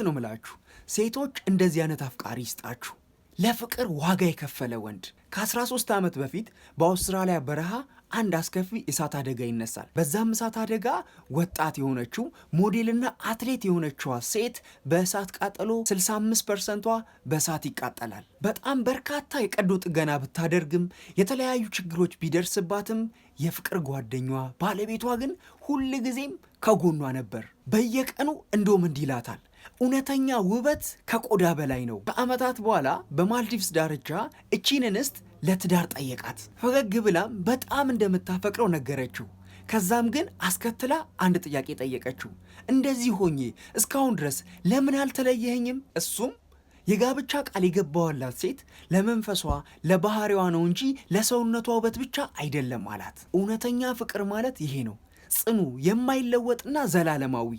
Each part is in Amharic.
እውነት ነው ምላችሁ። ሴቶች እንደዚህ አይነት አፍቃሪ ይስጣችሁ። ለፍቅር ዋጋ የከፈለ ወንድ። ከ13 ዓመት በፊት በአውስትራሊያ በረሃ አንድ አስከፊ እሳት አደጋ ይነሳል። በዛም እሳት አደጋ ወጣት የሆነችው ሞዴልና አትሌት የሆነችዋ ሴት በእሳት ቃጠሎ 65 ፐርሰንቷ በእሳት ይቃጠላል። በጣም በርካታ የቀዶ ጥገና ብታደርግም የተለያዩ ችግሮች ቢደርስባትም የፍቅር ጓደኛዋ ባለቤቷ ግን ጊዜም ከጎኗ ነበር። በየቀኑ እንደውም እንዲህ ይላታል እውነተኛ ውበት ከቆዳ በላይ ነው። ከዓመታት በኋላ በማልዲቭስ ዳርቻ እቺን እንስት ለትዳር ጠየቃት። ፈገግ ብላም በጣም እንደምታፈቅረው ነገረችው። ከዛም ግን አስከትላ አንድ ጥያቄ ጠየቀችው። እንደዚህ ሆኜ እስካሁን ድረስ ለምን አልተለየኸኝም? እሱም የጋብቻ ቃል የገባዋላት ሴት ለመንፈሷ ለባህሪዋ ነው እንጂ ለሰውነቷ ውበት ብቻ አይደለም አላት። እውነተኛ ፍቅር ማለት ይሄ ነው፣ ጽኑ የማይለወጥና ዘላለማዊ።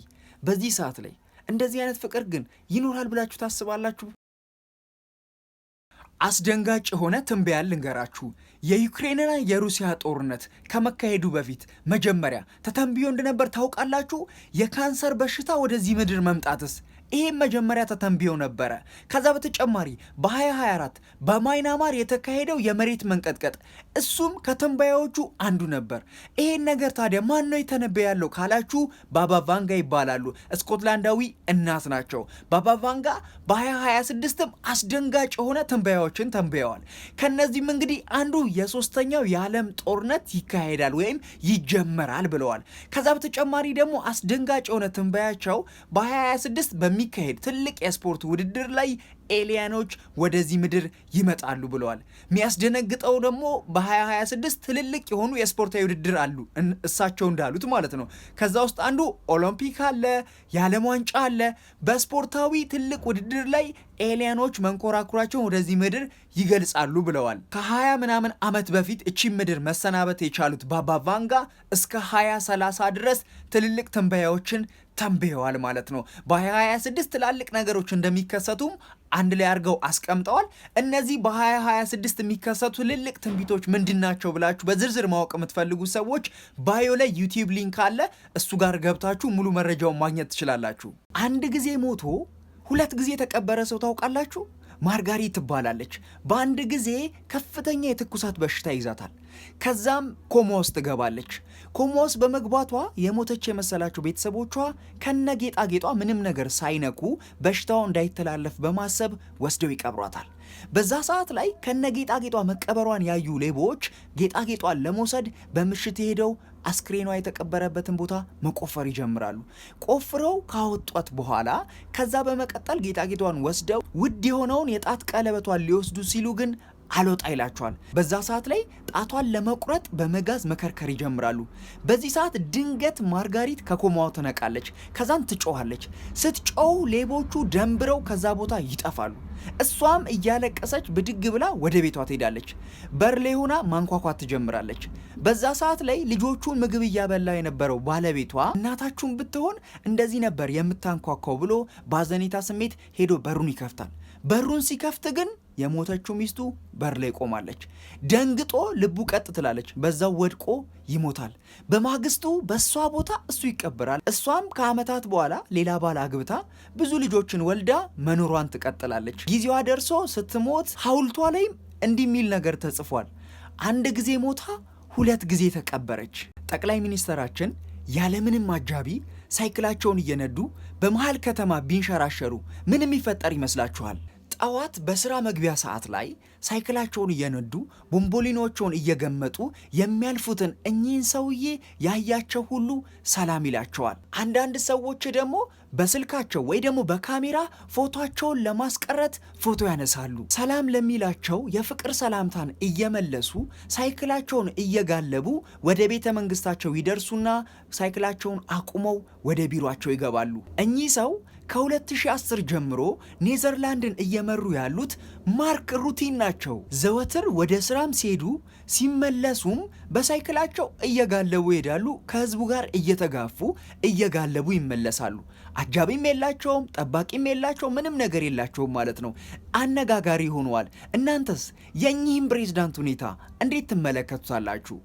በዚህ ሰዓት ላይ እንደዚህ አይነት ፍቅር ግን ይኖራል ብላችሁ ታስባላችሁ? አስደንጋጭ የሆነ ትንበያን ልንገራችሁ። የዩክሬንና የሩሲያ ጦርነት ከመካሄዱ በፊት መጀመሪያ ተተንብዮ እንደነበር ታውቃላችሁ። የካንሰር በሽታ ወደዚህ ምድር መምጣትስ ይህም መጀመሪያ ተተንብዮ ነበረ። ከዛ በተጨማሪ በ2024 በማይናማር የተካሄደው የመሬት መንቀጥቀጥ እሱም ከትንበያዎቹ አንዱ ነበር። ይሄን ነገር ታዲያ ማን ነው የተነበየ ያለው ካላችሁ ባባ ቫንጋ ይባላሉ። ስኮትላንዳዊ እናት ናቸው። ባባ ቫንጋ በ2026ም አስደንጋጭ የሆነ ትንበያዎችን ተንብየዋል። ከነዚህም እንግዲህ አንዱ የሶስተኛው የዓለም ጦርነት ይካሄዳል ወይም ይጀመራል ብለዋል። ከዛ በተጨማሪ ደግሞ አስደንጋጭ የሆነ ትንበያቸው በ2026 በሚካሄድ ትልቅ የስፖርት ውድድር ላይ ኤሊያኖች ወደዚህ ምድር ይመጣሉ ብለዋል። የሚያስደነግጠው ደግሞ በ2026 ትልልቅ የሆኑ የስፖርታዊ ውድድር አሉ፣ እሳቸው እንዳሉት ማለት ነው። ከዛ ውስጥ አንዱ ኦሎምፒክ አለ፣ የዓለም ዋንጫ አለ። በስፖርታዊ ትልቅ ውድድር ላይ ኤሊያኖች መንኮራኩራቸውን ወደዚህ ምድር ይገልጻሉ ብለዋል። ከ20 ምናምን ዓመት በፊት እቺ ምድር መሰናበት የቻሉት ባባ ቫንጋ እስከ 2030 ድረስ ትልልቅ ትንበያዎችን ተንብየዋል ማለት ነው። በ2026 ትላልቅ ነገሮች እንደሚከሰቱም አንድ ላይ አድርገው አስቀምጠዋል። እነዚህ በ2026 የሚከሰቱ ትልልቅ ትንቢቶች ምንድን ናቸው ብላችሁ በዝርዝር ማወቅ የምትፈልጉ ሰዎች ባዮ ላይ ዩቲዩብ ሊንክ አለ። እሱ ጋር ገብታችሁ ሙሉ መረጃውን ማግኘት ትችላላችሁ። አንድ ጊዜ ሞቶ ሁለት ጊዜ የተቀበረ ሰው ታውቃላችሁ? ማርጋሪት ትባላለች። በአንድ ጊዜ ከፍተኛ የትኩሳት በሽታ ይዛታል። ከዛም ኮማ ውስጥ ትገባለች። ኮማ ውስጥ በመግባቷ የሞተች የመሰላቸው ቤተሰቦቿ ከነ ጌጣጌጧ ምንም ነገር ሳይነኩ በሽታው እንዳይተላለፍ በማሰብ ወስደው ይቀብሯታል። በዛ ሰዓት ላይ ከነ ጌጣጌጧ መቀበሯን ያዩ ሌቦች ጌጣጌጧን ለመውሰድ በምሽት ሄደው አስክሬኗ የተቀበረበትን ቦታ መቆፈር ይጀምራሉ። ቆፍረው ካወጧት በኋላ ከዛ በመቀጠል ጌጣጌጧን ወስደው ውድ የሆነውን የጣት ቀለበቷን ሊወስዱ ሲሉ ግን አልወጣ ይላቸዋል። በዛ ሰዓት ላይ ጣቷን ለመቁረጥ በመጋዝ መከርከር ይጀምራሉ። በዚህ ሰዓት ድንገት ማርጋሪት ከኮማዋ ትነቃለች። ከዛም ትጮኋለች። ስትጮው ሌቦቹ ደንብረው ከዛ ቦታ ይጠፋሉ። እሷም እያለቀሰች ብድግ ብላ ወደ ቤቷ ትሄዳለች። በር ላይ ሆና ማንኳኳት ትጀምራለች። በዛ ሰዓት ላይ ልጆቹን ምግብ እያበላ የነበረው ባለቤቷ እናታችሁን ብትሆን እንደዚህ ነበር የምታንኳኳው ብሎ በአዘኔታ ስሜት ሄዶ በሩን ይከፍታል። በሩን ሲከፍት ግን የሞተችው ሚስቱ በር ላይ ቆማለች። ደንግጦ ልቡ ቀጥ ትላለች። በዛው ወድቆ ይሞታል። በማግስቱ በእሷ ቦታ እሱ ይቀበራል። እሷም ከዓመታት በኋላ ሌላ ባል አግብታ ብዙ ልጆችን ወልዳ መኖሯን ትቀጥላለች። ጊዜዋ ደርሶ ስትሞት ሐውልቷ ላይም እንዲህ የሚል ነገር ተጽፏል። አንድ ጊዜ ሞታ ሁለት ጊዜ ተቀበረች። ጠቅላይ ሚኒስትራችን ያለምንም አጃቢ ሳይክላቸውን እየነዱ በመሃል ከተማ ቢንሸራሸሩ ምን የሚፈጠር ይመስላችኋል? ጠዋት በስራ መግቢያ ሰዓት ላይ ሳይክላቸውን እየነዱ ቦምቦሊኖቸውን እየገመጡ የሚያልፉትን እኚህን ሰውዬ ያያቸው ሁሉ ሰላም ይላቸዋል። አንዳንድ ሰዎች ደግሞ በስልካቸው ወይ ደግሞ በካሜራ ፎቶቸውን ለማስቀረት ፎቶ ያነሳሉ። ሰላም ለሚላቸው የፍቅር ሰላምታን እየመለሱ ሳይክላቸውን እየጋለቡ ወደ ቤተ መንግስታቸው ይደርሱና ሳይክላቸውን አቁመው ወደ ቢሮቸው ይገባሉ። እኚህ ሰው ከ2010 ጀምሮ ኔዘርላንድን እየመሩ ያሉት ማርክ ሩቲን ናቸው። ዘወትር ወደ ስራም ሲሄዱ ሲመለሱም በሳይክላቸው እየጋለቡ ይሄዳሉ። ከህዝቡ ጋር እየተጋፉ እየጋለቡ ይመለሳሉ። አጃቢም የላቸውም፣ ጠባቂም የላቸው፣ ምንም ነገር የላቸውም ማለት ነው። አነጋጋሪ ሆነዋል። እናንተስ የእኚህም ፕሬዝዳንት ሁኔታ እንዴት ትመለከቱታላችሁ?